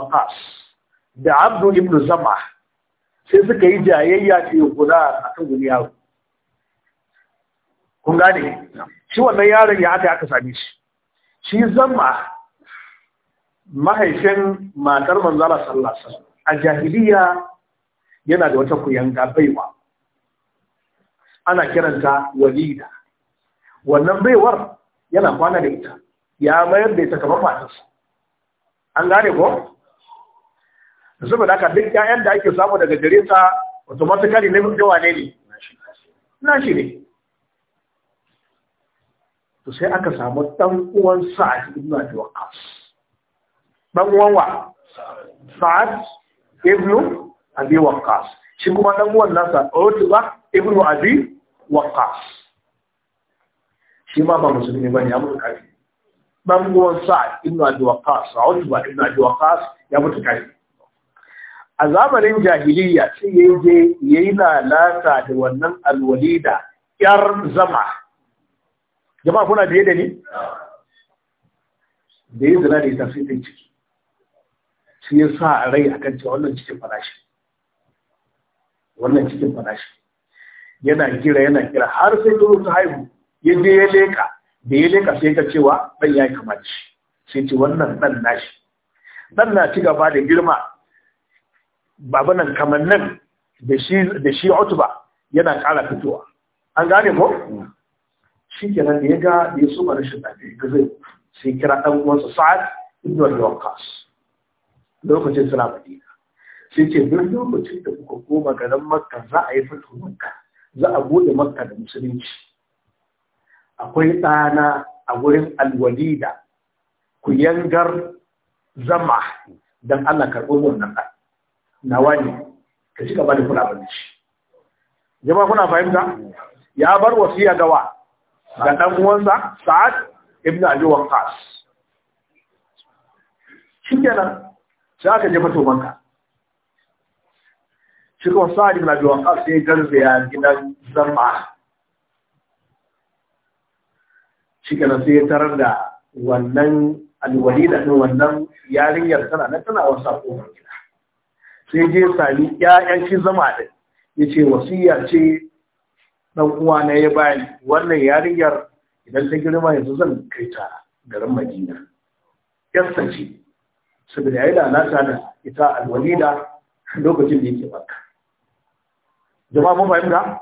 da abdu ibn zama sai suka yi jayayya ce guda a kan guni yaro kun gane shi wannan yaron ya aka aka same shi shi zama mahaifin matar manzala sallasa a jahiliya yana da wata kuyanga baiwa ana kiranta walida wannan baiwar yana kwana da ita ya mayar da ita kamar matarsa an gane ko saboda haka duk ƴaƴan da ake samu daga gare ta automatically ne mun gawa ne ne na shi ne to sai aka samu dan uwan sa'ad ibn abi waqqas dan uwan wa sa'ad Ibnu, abi waqas shi kuma dan uwan nasa utba ibnu abi waqas shi ma ba musulmi bane ya mutu kafiri dan uwan sa a abi ba utba ibn abi waƙas ya mutu kai a zamanin jahiliya sai ya yi je yi lalata da wannan alwalida ƴar zama jama'a kuna da yadda ne da yi zina da ya tafi ɗin ciki sai ya sa a rai a kan cewa wannan cikin farashi wannan cikin farashi yana kira yana kira har sai ta haihu ya je ya leka da ya leka sai ta cewa ɗan ya yi kama sai ce wannan ɗan nashi ɗan na ci gaba da girma baba nan kamar nan da shi otuba yana ƙara fitowa an gane ko mm. shi kenan da ya ga da ya soma rashin lafiya ga zai sai kira ɗan uwansa sa'ad ibn al-waqas lokacin suna madina sai ce duk lokacin da kuka koma garin makka za a yi fito makka za a bude makka da musulunci akwai ɗana a wurin alwalida ku yangar zama don Allah karɓo wannan ɗan Na wani ka ci gaba da kula da shi jama'a kuna fahimta ya bar wasiya gawa ga ɗan uwansa Sa'ad ibn Abi Waqqas shikenan sai aka jefa to banka shi kuma Sa'ad ibn Abi waqas sai garzaya gidan zama shi na sai ya tarar da wannan alwalida da ɗin wannan yarinyar tana na tana wasa ƙofar gida sai je sami ƴaƴan shi zama ɗin ya ce wasiyar ce ɗan uwa na ya bayan wannan yarinyar idan ta girma yanzu zan kai ta garin madina yasta ce saboda ya yi da alaƙa da ita alwalida lokacin da yake baka jama'a mun fahimta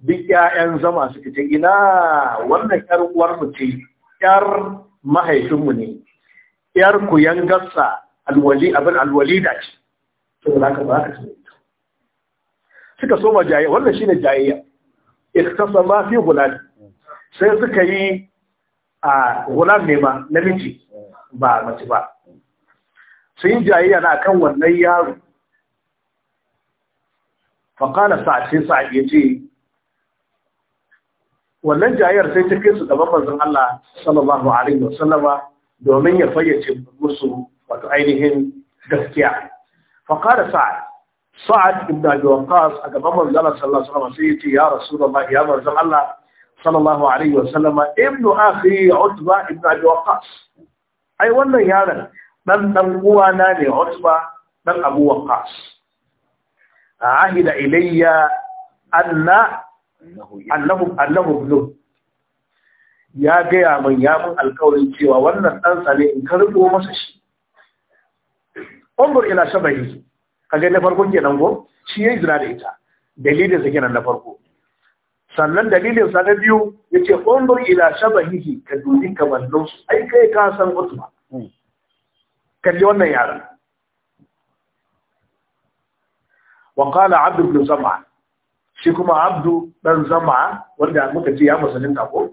duk ƴaƴan zama suka ce ina wannan ƴar uwar mu ce ƴar mahaifinmu ne ƴar ku yangarsa alwali abin alwalida ce saboda haka ba ka so suka soma jayayya wannan shine jayayya ma fi gulan sai suka yi a gulan ne ma namiji ba mace ba sun yi jayayya na kan wannan yaro faƙala sa'ad sai sa'a ya ce wannan jayayyar sai ta kai su gaban manzon Allah sallallahu alaihi wasallama domin ya fayyace musu wato ainihin gaskiya fa qala sa'ad sa'ad ibn abi waqas a gaban manzon Allah sallallahu alaihi wasallama sai ya ce ya rasulullahi ya manzon Allah sallallahu alaihi wasallama ibnu akhi utba ibn abi waqas ai wannan yaron dan dan uwana ne utba dan abu waqas ahida ilayya anna annahu annahu ya gaya min ya min alƙawarin cewa wannan ɗansa ne in ka rubo masa shi umbur ila shabahi kaje na farko kenan go shi yayi zina da ita dalilin sa kenan na farko sannan dalilin sa na biyu yace umbur ila shabahi ka dubi kamannin su ai kai ka san usma hmm. kalli wannan yaran wa qala abd ibn shi kuma abdu ɗan zama wanda muka ce ya musulunta ko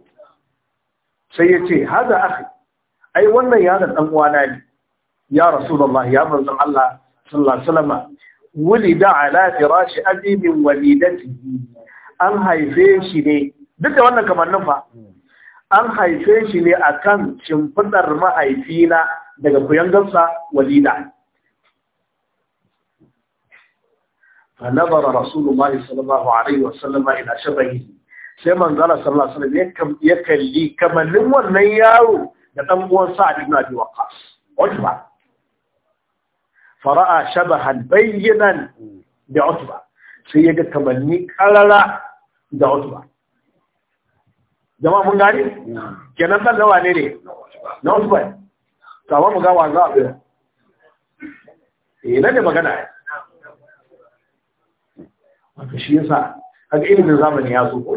sai ya ce haza akhi ai wannan yaron dan uwana ne ya rasulullah ya manzon Allah sallallahu Wuli da wulida ala firashi abi min walidatihi an haife shi ne duk da wannan kamannin fa an haife shi ne a kan shimfidar mahaifina daga kuyangarsa walida فنظر رسول الله صلى الله عليه وسلم إلى شبهه sai manzala sallallahu alaihi wasallam ya kalli kamannin wannan yaro da dan uwan Sa'd ibn Abi Waqqas Utba fara'a shabahan bayyinan da Utba sai ya ga karara da Utba jama'a mun gane kenan dan lawa ne ne na Utba to mu ga wa za a bi eh ne magana aka shi yasa ga ilimin zamani ya zo ko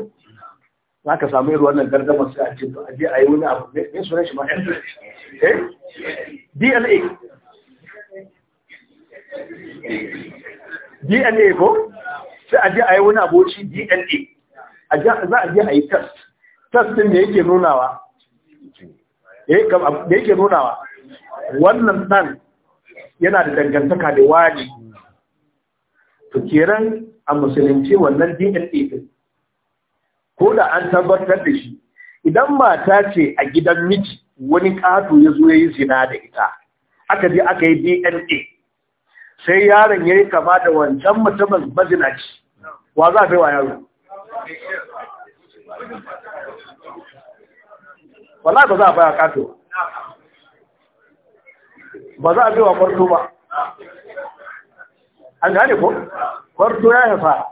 za ka samu irin wannan gardamar sai a ce to aje a yi wani abu ne sunan shi ma eh DNA DNA ko sai aje a yi wani aboci DNA za a je a yi test test da yake nunawa da eh, yake nunawa wannan dan yana da dangantaka da wani to kenan a musulunci wannan DNA din ko da an tabbatar da shi idan mata ce a gidan miji wani ƙato ya zo ya yi zina da ita aka je aka yi DNA sai yaron ya yi kama da wancan mutumin mazinaci wa za a fi wa yaro wallahi ba za a baya ƙato ba za a fi wa ƙwarto ba an gane ko kwarto ya fara.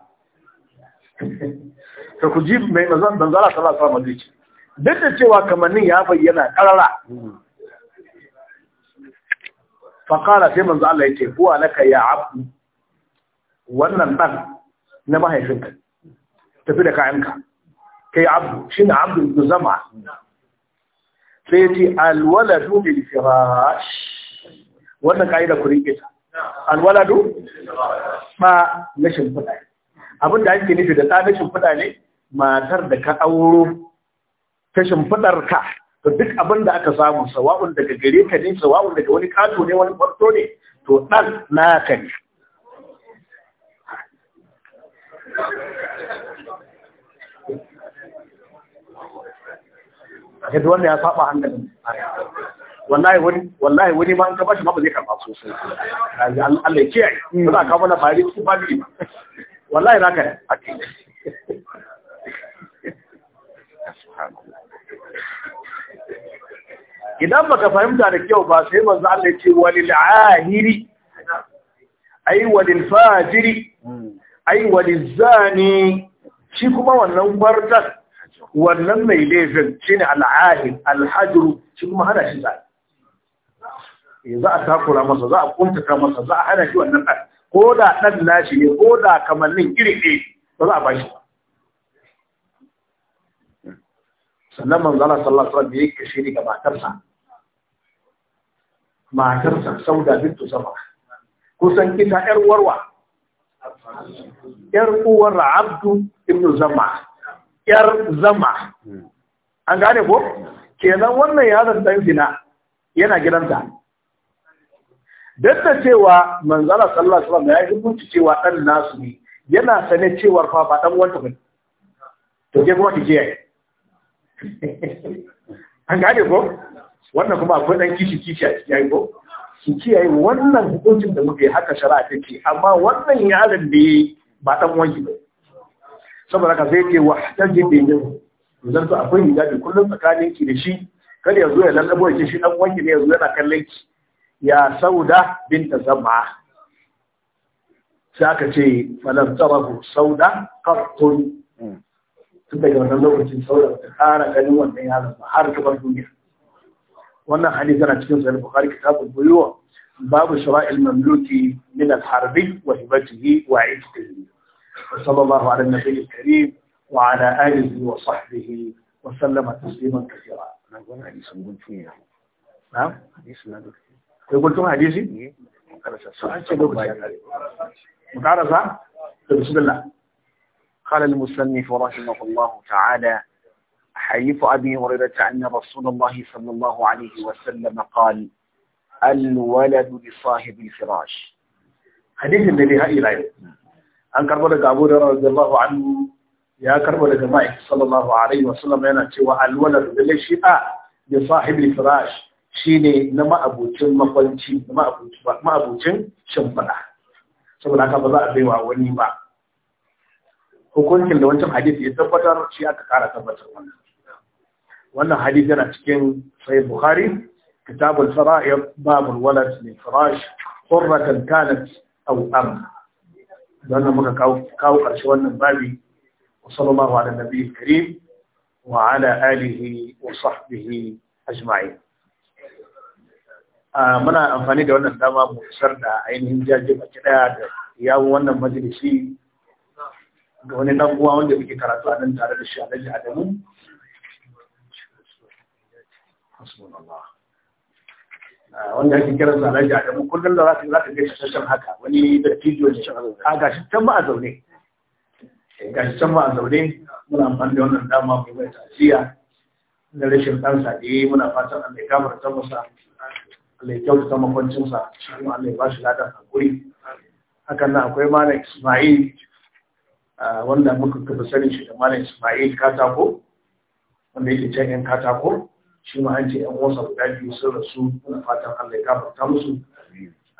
ta ku ji mai mazan banzara ta lasa maziki duk da cewa kamannin ya bayyana karara fakara sai manzo Allah ya ce kuwa na ya abu wannan ɗan na mahaifinka tafi da kayanka kai abu shi na abu zama sai ya ce alwala dubi firash wannan ka'ida ku rike ta alwaladu ba na shimfiɗa abin da ake nufi da ɗa na shimfiɗa ne matar da ka auro ta shimfiɗar ka to duk abin da aka samu sawa'un daga gare ka ne sawa'un daga wani kato ne wani kwarto ne to ɗan ka ne yadda wanda ya saba hannun wallahi wani ma an ka bashi ma ba zai karba sosai Allah ya kiyaye hmm. ba za ka mana fari cikin family ba wallahi zaka ne yi. idan baka fahimta da kyau ba sai manzo Allah ya ce walil ahiri ai walil fajiri ai walil zani shi kuma wannan bardan wannan mai laifin shine al ahir al hajru shi kuma hana shi zai Eh, za a takura masa za a kuntata masa za a hana shi wannan ɗan ko da ɗan nashi ne ko da kamannin iri ɗaya ba za a bashi ba sannan manzala sallallahu alaihi wasallam ya kashe ni ga matarsa matarsa sauda bintu sama kusan kita yar warwa yar uwar abdu ibnu zama yar zama an gane ko kenan wannan yaron dan zina yana gidanta duk da cewa manzala sallallahu alaihi wasallam ya yi rubuci cewa dan nasu ne yana sane cewar fa ba dan wanta bane to ke kuma kike yi an gane ko wannan kuma akwai dan kishi kishi a cikin ko ki kiyaye wannan hukuncin da muke haka shari'a take amma wannan yaron da yayi ba dan wanki ba saboda ka zai ce wa tajin da yau, zan to akwai hijabi kullum tsakanin ki da shi kada ya ya lallabo ya ce shi dan wanki ne yanzu yana kallon ki يا سودة بنت زمعة شاكتي فلم تره سودة قط تبقى من الله سودة تخارك نوع من هذا البحر كبر الدنيا وانا حديثنا تكون سيد البخاري كتاب البيوع باب شراء المملوك من الحرب وهبته وعتقه وصلى الله على النبي الكريم وعلى اله وصحبه وسلم تسليما كثيرا. نعم. kai guntun hadisi su an ce قال المصنف رحمه الله تعالى حديث أبي هريرة أن رسول الله صلى الله عليه وسلم قال الولد لصاحب الفراش حديث النبي هاي لا أن كربو لك أبو هريرة رضي الله عنه يا كربو لك صلى الله عليه وسلم أنا تشوى الولد للشفاء لصاحب الفراش Shi ne na ma'abucin makwanci ma'abucin shimfiɗa saboda haka ba za a baiwa wani ba hukuncin da wancan hadisi ya tabbatar shi aka kara tabbatar wannan wannan hadisi yana cikin sai bukhari kitabul fara'ir babul walad min firash qurratan kanat aw am dan muka kawo kawo karshe wannan babi sallallahu alaihi wa karim wa ala alihi wa sahbihi ajma'in muna amfani da wannan dama mu isar da ainihin jaje baki daya da yawon wannan majalisi ga wani dan kuma wanda muke karatu a nan tare da shi Alhaji Adamu wanda ake a sa Alhaji Adamu kullum da zaka zaka ga shashan haka wani dattijo ne a gashi can ba a zaune eh, gashi can ba a zaune muna amfani da wannan dama mu yi mai ta'aziyya da rashin ɗansa ne muna fatan mai kamar ta masa Allah ya kyautata makwancinsa shi kuma Allah ya ba shi ladan hakuri hakan nan akwai malam Ismail wanda muka kafa sanin shi da malam Ismail Katako wanda yake can yan Katako shi ma an ce yan wasa guda biyu sun rasu muna fatan Allah ya gafarta musu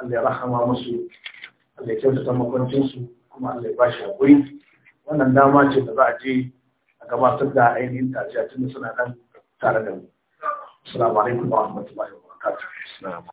Allah ya rahama musu Allah ya kyautata makwancinsu kuma Allah ya ba shi hakuri wannan dama ce da za a je a gabatar da ainihin tafiya tun suna nan tare da mu. Assalamu alaikum wa rahmatullahi after Islam